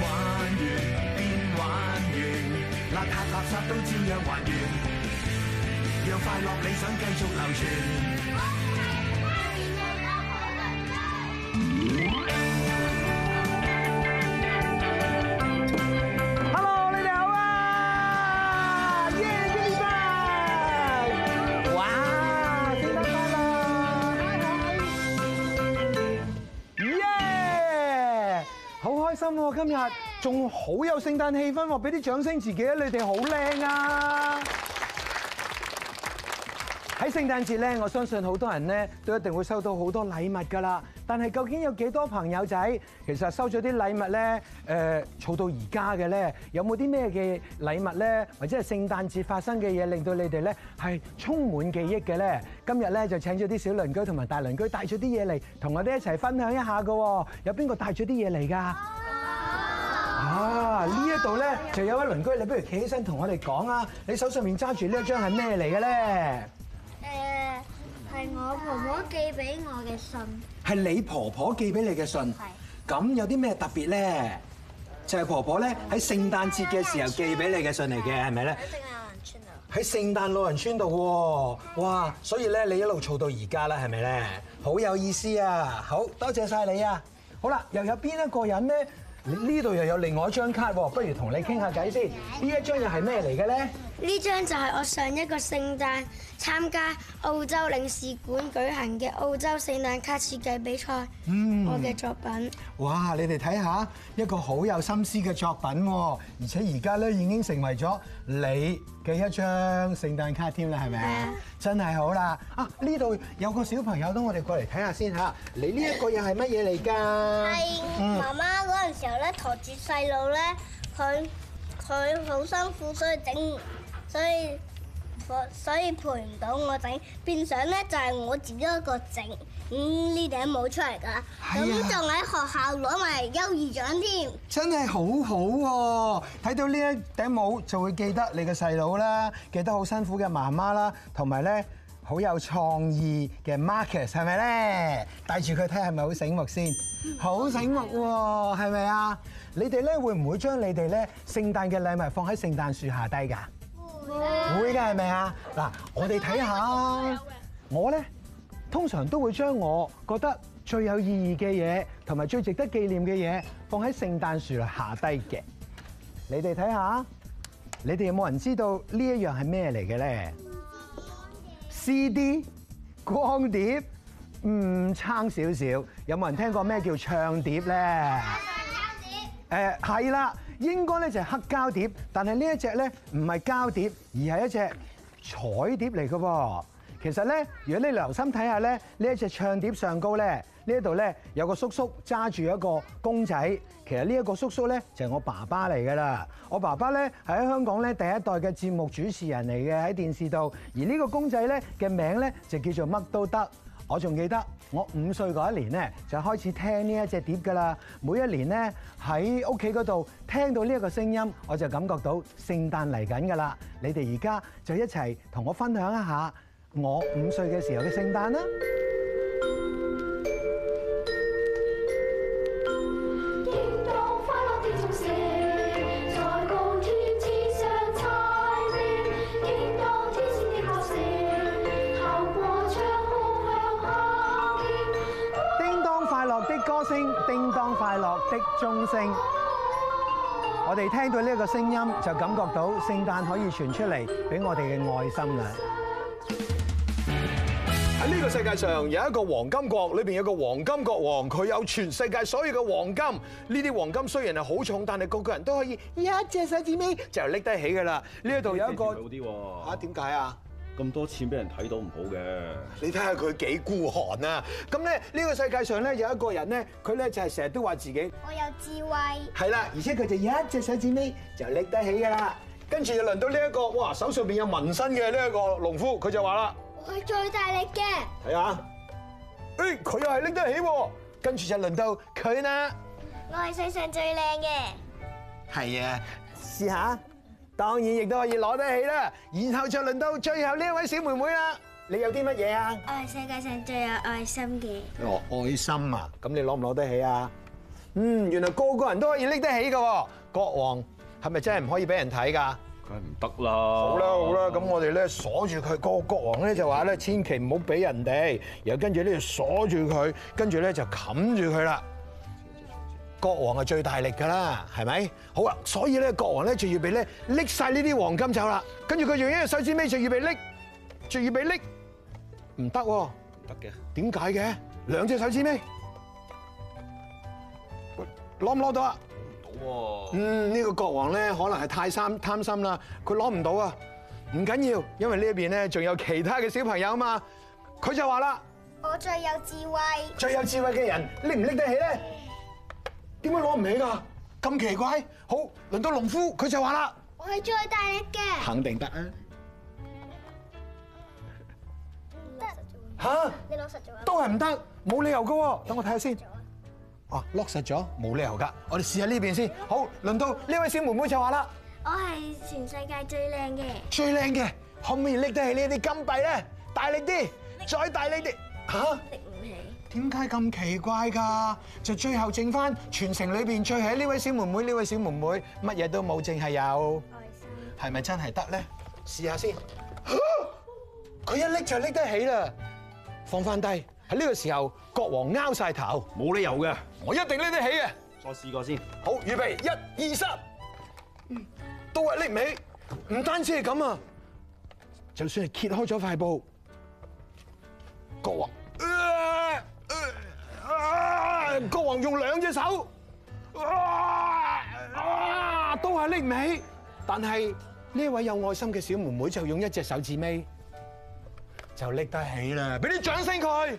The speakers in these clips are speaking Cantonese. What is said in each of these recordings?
玩完變玩完，邋遢垃圾都照樣還原，讓快樂理想繼續流傳。今日仲好有聖誕氣氛喎，俾啲掌聲自己啊！你哋好靚啊！喺聖誕節咧，我相信好多人咧都一定會收到好多禮物㗎啦。但係究竟有幾多朋友仔其實收咗啲禮物咧？誒，儲到而家嘅咧，有冇啲咩嘅禮物咧？或者係聖誕節發生嘅嘢，令到你哋咧係充滿記憶嘅咧？今日咧就請咗啲小鄰居同埋大鄰居帶咗啲嘢嚟，同我哋一齊分享一下㗎。有邊個帶咗啲嘢嚟㗎？啊！呢一度咧，就有位鄰居，你不如企起身同我哋講啊！你手上面揸住呢一張係咩嚟嘅咧？誒，係我婆婆寄俾我嘅信。係你婆婆寄俾你嘅信。係。咁有啲咩特別咧？就係、是、婆婆咧喺聖誕節嘅時候寄俾你嘅信嚟嘅，係咪咧？喺聖誕老人村啊，喺聖誕老人村度喎，哇！所以咧，你一路儲到而家啦，係咪咧？好有意思啊！好多謝晒你啊！好啦，又有邊一個人咧？呢度又有另外一張卡喎，不如同你傾下偈先。呢一張又係咩嚟嘅呢？呢張就係我上一個聖誕參加澳洲領事館舉行嘅澳洲聖誕卡設計比賽，我嘅作品、嗯。哇！你哋睇下一個好有心思嘅作品喎，而且而家咧已經成為咗你嘅一張聖誕卡添啦，係咪啊？真係好啦啊！呢度有個小朋友，等我哋過嚟睇下先嚇。你呢一個又係乜嘢嚟㗎？係媽媽嗰陣時候咧，陀住細路咧，佢佢好辛苦，所以整。所以，所以陪唔到我整，變相咧就係、是、我自己一個整，嗯，呢頂帽出嚟噶。咁仲喺學校攞埋優異獎添，真係好好、啊、喎！睇到呢一頂帽，就會記得你個細佬啦，記得好辛苦嘅媽媽啦，同埋咧好有創意嘅 Marcus 係咪咧？戴住佢睇係咪好醒目先，好醒目喎、啊，係咪啊？你哋咧會唔會將你哋咧聖誕嘅禮物放喺聖誕樹下低噶？會噶，係咪啊？嗱，唉我哋睇下，我咧通常都會將我覺得最有意義嘅嘢，同埋最值得紀念嘅嘢放喺聖誕樹下低嘅。你哋睇下，你哋有冇人知道這是什麼呢一樣係咩嚟嘅咧？CD 光碟，唔、嗯、差少少。有冇人聽過咩叫唱碟咧？誒，係啦、嗯。應該咧就係黑膠碟，但係呢一隻咧唔係膠碟，而係一隻彩碟嚟嘅喎。其實咧，如果你留心睇下咧，呢一隻唱碟上高咧呢度咧有個叔叔揸住一個公仔。其實呢一個叔叔咧就係我爸爸嚟㗎啦。我爸爸咧喺香港咧第一代嘅節目主持人嚟嘅，喺電視度，而呢個公仔咧嘅名咧就叫做乜都得。我仲記得我五歲嗰一年咧，就開始聽呢一隻碟㗎喇。每一年咧喺屋企嗰度聽到呢一個聲音，我就感覺到聖誕嚟緊㗎喇。你哋而家就一齊同我分享一下我五歲嘅時候嘅聖誕啦。鐘聲，我哋聽到呢個聲音，就感覺到聖誕可以傳出嚟，俾我哋嘅愛心啦。喺呢個世界上有一個黃金國，裏邊有一個黃金國王，佢有全世界所有嘅黃金。呢啲黃金雖然係好重，但係個個人都可以一隻手指尾就拎得起噶啦。呢一度有一個，吓點解啊？咁多錢俾人睇到唔好嘅，你睇下佢幾孤寒啊呢！咁咧呢個世界上咧有一個人咧，佢咧就係成日都話自己我有智慧，係啦，而且佢就有一隻手指尾就拎得起噶啦。跟住就輪到呢、這、一個哇，手上邊有紋身嘅呢一個農夫，佢就話啦：佢最大力嘅。睇下，誒佢又係拎得起喎。跟住就輪到佢啦。我係世上最靚嘅。係啊，試下。當然亦都可以攞得起啦，然後就輪到最後呢位小妹妹啦。你有啲乜嘢啊？我係世界上最有愛心嘅。哦，愛心啊！咁你攞唔攞得起啊？嗯，原來個個人都可以拎得起㗎。國王係咪真係唔可以俾人睇㗎？佢唔得啦！好啦好啦，咁我哋咧鎖住佢個國王咧就話咧，千祈唔好俾人哋。然後跟住呢，咧鎖住佢，跟住咧就冚住佢啦。國王係最大力㗎啦，係咪？好啦，所以咧，國王咧就要俾咧拎晒呢啲黃金走啦。跟住佢用一隻手指尾就要俾拎，就要俾拎，唔得喎。唔得嘅。點解嘅？兩隻手指尾攞唔攞到啊？攞唔到喎。嗯，呢個國王咧可能係太貪貪心啦，佢攞唔到啊。唔緊要，因為呢一邊咧仲有其他嘅小朋友嘛。佢就話啦：我最有智慧。最有智慧嘅人拎唔拎得起咧？點解攞唔起噶？咁奇怪。好，輪到農夫，佢就話啦：，我係最大力嘅。肯定得啊。吓？你攞實咗啊？都係唔得，冇理由噶。等我睇下先。哦，落實咗，冇理由噶。我哋試下呢邊先。好，輪到呢位小妹妹就話啦：，我係全世界最靚嘅。最靚嘅，可唔可以拎得起呢啲金幣咧？大力啲，再大力啲。吓？拎唔起。點解咁奇怪㗎？就最後剩翻全城裏邊最係呢位小妹妹，呢位小妹妹乜嘢都冇，淨係有。係咪真係得咧？試下先。佢一拎就拎得起啦，放翻低。喺呢個時候，國王拗曬頭，冇理由嘅。我一定拎得起嘅。再試過先。好，預備一、二、三，都係拎唔起。唔單止係咁啊，就算係揭開咗塊布，國王。國王用兩隻手，啊啊，都係拎唔起。但係呢一位有愛心嘅小妹妹就用一隻手指尾就拎得起啦！俾啲掌聲佢，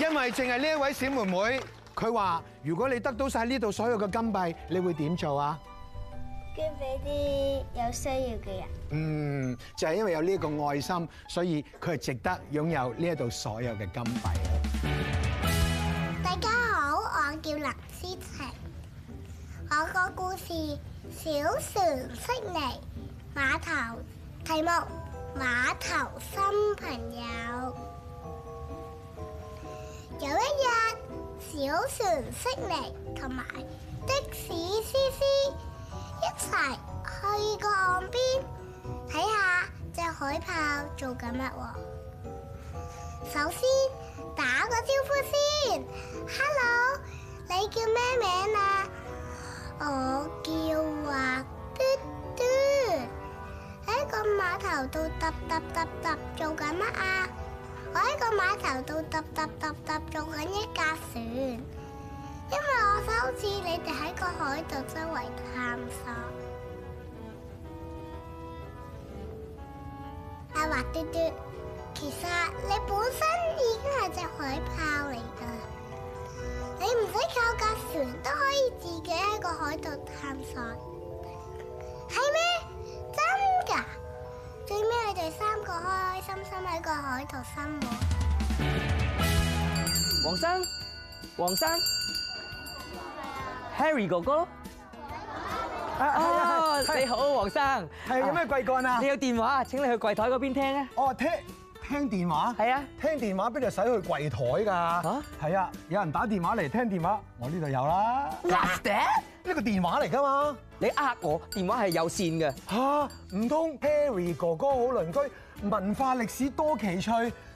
因為淨係呢一位小妹妹，佢話：如果你得到晒呢度所有嘅金幣，你會點做啊？捐俾啲有需要嘅人。嗯，就係因為有呢個愛心，所以佢係值得擁有呢一度所有嘅金幣。大家好，我叫林思晴，我個故事《小船悉尼碼頭》，題目《碼頭新朋友》。有一日，小船悉尼同埋的士思思。一齊去個岸邊睇下隻海豹做緊乜喎？首先打個招呼先，Hello，你叫咩名啊？我叫華、啊、嘟嘟。喺個碼頭度揼揼揼揼做緊乜啊？我喺個碼頭度揼揼揼揼做緊一架船。因為我想似你哋喺個海度周圍探索，阿、啊、華嘟嘟，其實你本身已經係隻海豹嚟噶，你唔使靠架船都可以自己喺個海度探索。係咩？真噶？最尾你哋三個開開心心喺個海度生活。黃生，黃生。Harry 哥哥，哦，你好，黃生，係有咩貴幹啊？你有電話啊？請你去櫃台嗰邊聽啊。哦，聽聽電話？係啊，聽電話邊度使去櫃台㗎？嚇，係啊，有人打電話嚟聽電話，我呢度有啦。What's that？呢個電話嚟㗎嘛？你呃我？電話係有線嘅。嚇，唔通 Harry 哥哥好鄰居，文化歷史多奇趣，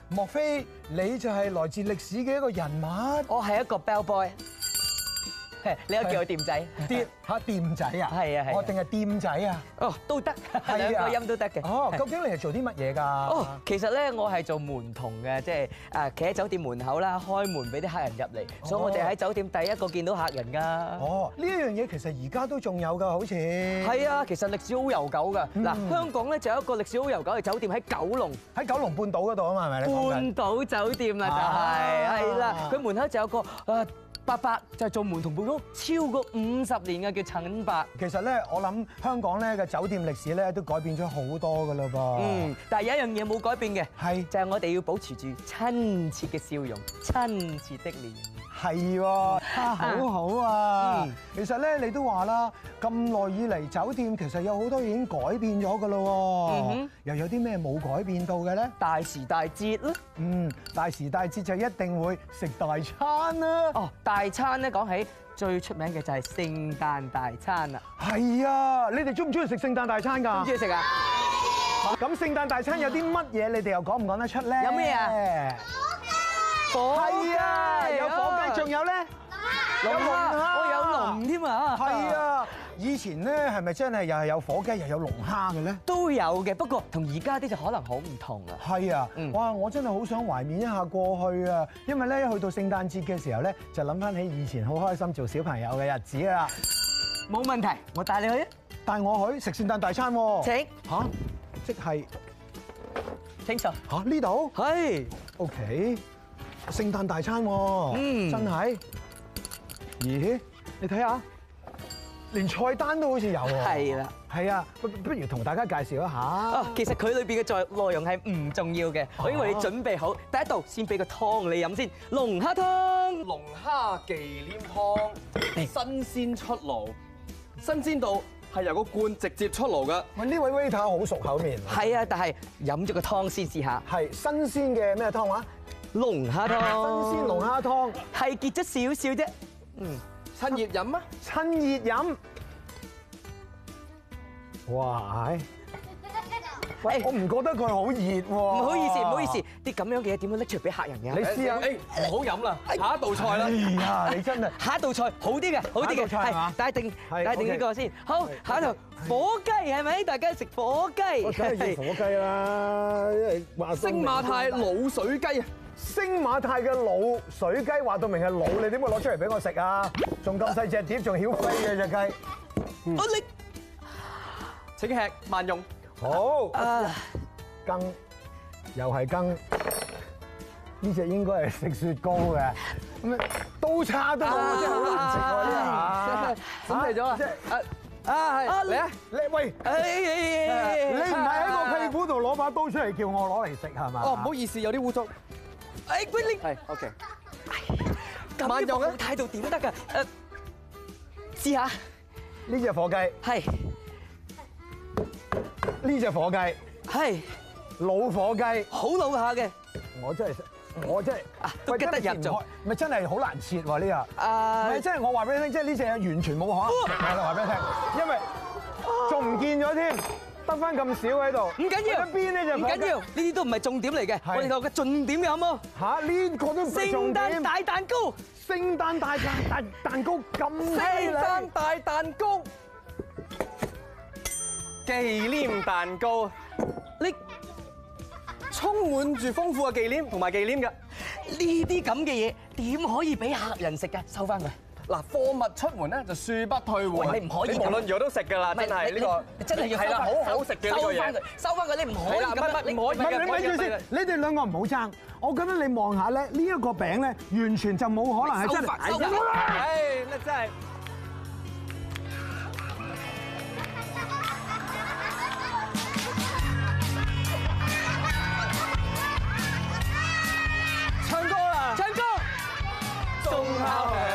莫非你就係來自歷史嘅一個人物？我係一個 bell boy。你有叫我店仔，店嚇店仔啊，係啊係，哦定係店仔啊，哦都得，啊，個音都得嘅。哦，究竟你係做啲乜嘢㗎？哦，其實咧我係做門童嘅，即係企喺酒店門口啦，開門俾啲客人入嚟，所以我哋喺酒店第一個見到客人㗎。哦，呢樣嘢其實而家都仲有㗎，好似。係啊，其實歷史好悠久㗎。嗱，香港咧就有一個歷史好悠久嘅酒店喺九龍，喺九龍半島嗰度啊嘛，係咪？半島酒店啦就係，係啦，佢門口就有個啊。八百就係做門童補屋，超過五十年嘅叫陳伯。其實咧，我諗香港咧嘅酒店歷史咧都改變咗好多㗎喇噃。嗯，但係有一樣嘢冇改變嘅，係是就係我哋要保持住親切嘅笑容、親切的臉。係喎、啊，好好啊！其實咧，你都話啦，咁耐以嚟酒店其實有好多已經改變咗噶咯喎，嗯、哼又有啲咩冇改變到嘅咧？大時大節啦，嗯，大時大節就一定會食大餐啦。哦，大餐咧講起最出名嘅就係聖誕大餐啦。係啊，你哋中唔中意食聖誕大餐㗎？中意食啊！咁聖誕大餐有啲乜嘢？你哋又講唔講得出咧？有咩啊？係啊，有火雞，仲有咧龍蝦，我有龍添啊！係啊，以前咧係咪真係又係有火雞又有龍蝦嘅咧？都有嘅，不過同而家啲就可能好唔同啦。係啊，哇！我真係好想懷念一下過去啊，因為咧去到聖誕節嘅時候咧，就諗返起以前好開心做小朋友嘅日子啦。冇問題，我帶你去。帶我去食聖誕大餐喎。請。嚇，即係請坐。嚇，呢度？係。OK。聖誕大餐喎，嗯真，真係，咦？你睇下，連菜單都好似有喎。係啦，係啊，不不如同大家介紹一下。啊、哦，其實佢裏面嘅載內容係唔重要嘅，我已經為你準備好。第一道先俾個湯你飲先喝，龍蝦湯，龍蝦忌廉湯，新鮮出爐，新鮮度係由個罐直接出爐㗎。呢、這個、位 waiter 好熟口面。係啊，但係飲咗個湯先試下。係新鮮嘅咩湯啊？龍蝦湯，新鮮龍蝦湯，係結咗少少啫。嗯，趁熱飲啊！趁熱飲。哇！我唔覺得佢好熱喎。唔好意思，唔好意思，啲咁樣嘅嘢點樣拎出嚟俾客人嘅？你試下，你唔好飲啦，下一道菜啦。哎呀，你真係。下一道菜好啲嘅，好啲嘅，係，帶定帶定呢個先。好，下一道火雞係咪？大家食火雞。我梗係要火雞啦，星馬泰滷水雞啊！星馬泰嘅滷水雞話到明係滷，你點會攞出嚟俾我食啊？仲咁細隻碟，仲曉飛嘅隻雞。我你請吃慢用。好。羹又係羹。呢隻應該係食雪糕嘅。刀叉都冇，真係好難食啊！準備咗啦。啊啊！嚟啊，啊，啊！你，吧你喂，是嗎啊、你唔係喺個屁股度攞把刀出嚟叫我攞嚟食係嘛？哦，唔、啊、好意思，有啲污糟。哎，喂，你、OK、哎 OK？咁樣冇態度點得㗎？誒、呃，試下。呢隻火雞係。呢隻是火雞係。是老火雞。好老下嘅。我真係，我真係。吉得人咗。咪真係好難切喎呢啊！誒，真係我話俾你聽，即係呢隻完全冇可能。係話俾你聽，因為仲唔見咗添。哇得翻咁少喺度，唔緊要，一邊咧就唔緊要，呢啲都唔係重點嚟嘅。是的 我哋講嘅重點好冇？嚇，呢個都唔係重點。聖誕大蛋糕，聖誕大蛋大蛋糕咁犀利。聖誕大蛋糕，忌廉蛋糕，你充滿住豐富嘅忌廉，同埋忌廉嘅呢啲咁嘅嘢，點可以俾客人食嘅？收翻佢。嗱，貨物出門咧就恕不退換，你唔可以，無論我都食㗎啦，真係呢個係啦好好食嘅一個人，收翻佢，收翻佢，你唔可以咁，你唔可以嘅。唔係你諗住先，你哋兩個唔好爭。我覺得你望下咧，呢一個餅咧完全就冇可能係真嘅，收翻佢。唉，真係。唱歌啦！唱歌。中烤香。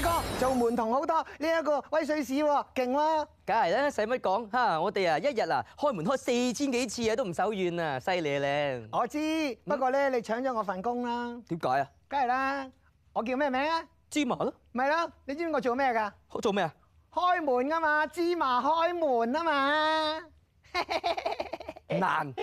呢個做門童好多，呢一個威水史喎，勁喎！梗係啦，使乜講？吓，我哋啊一日啊開門開四千幾次啊，都唔手軟啊，犀利靚！我知，不過咧你搶咗我份工啦？點解啊？梗係啦，我叫咩名啊？芝麻咯，咪咯，你知唔知我做咩噶？做咩啊？開門啊嘛，芝麻開門啊嘛，難。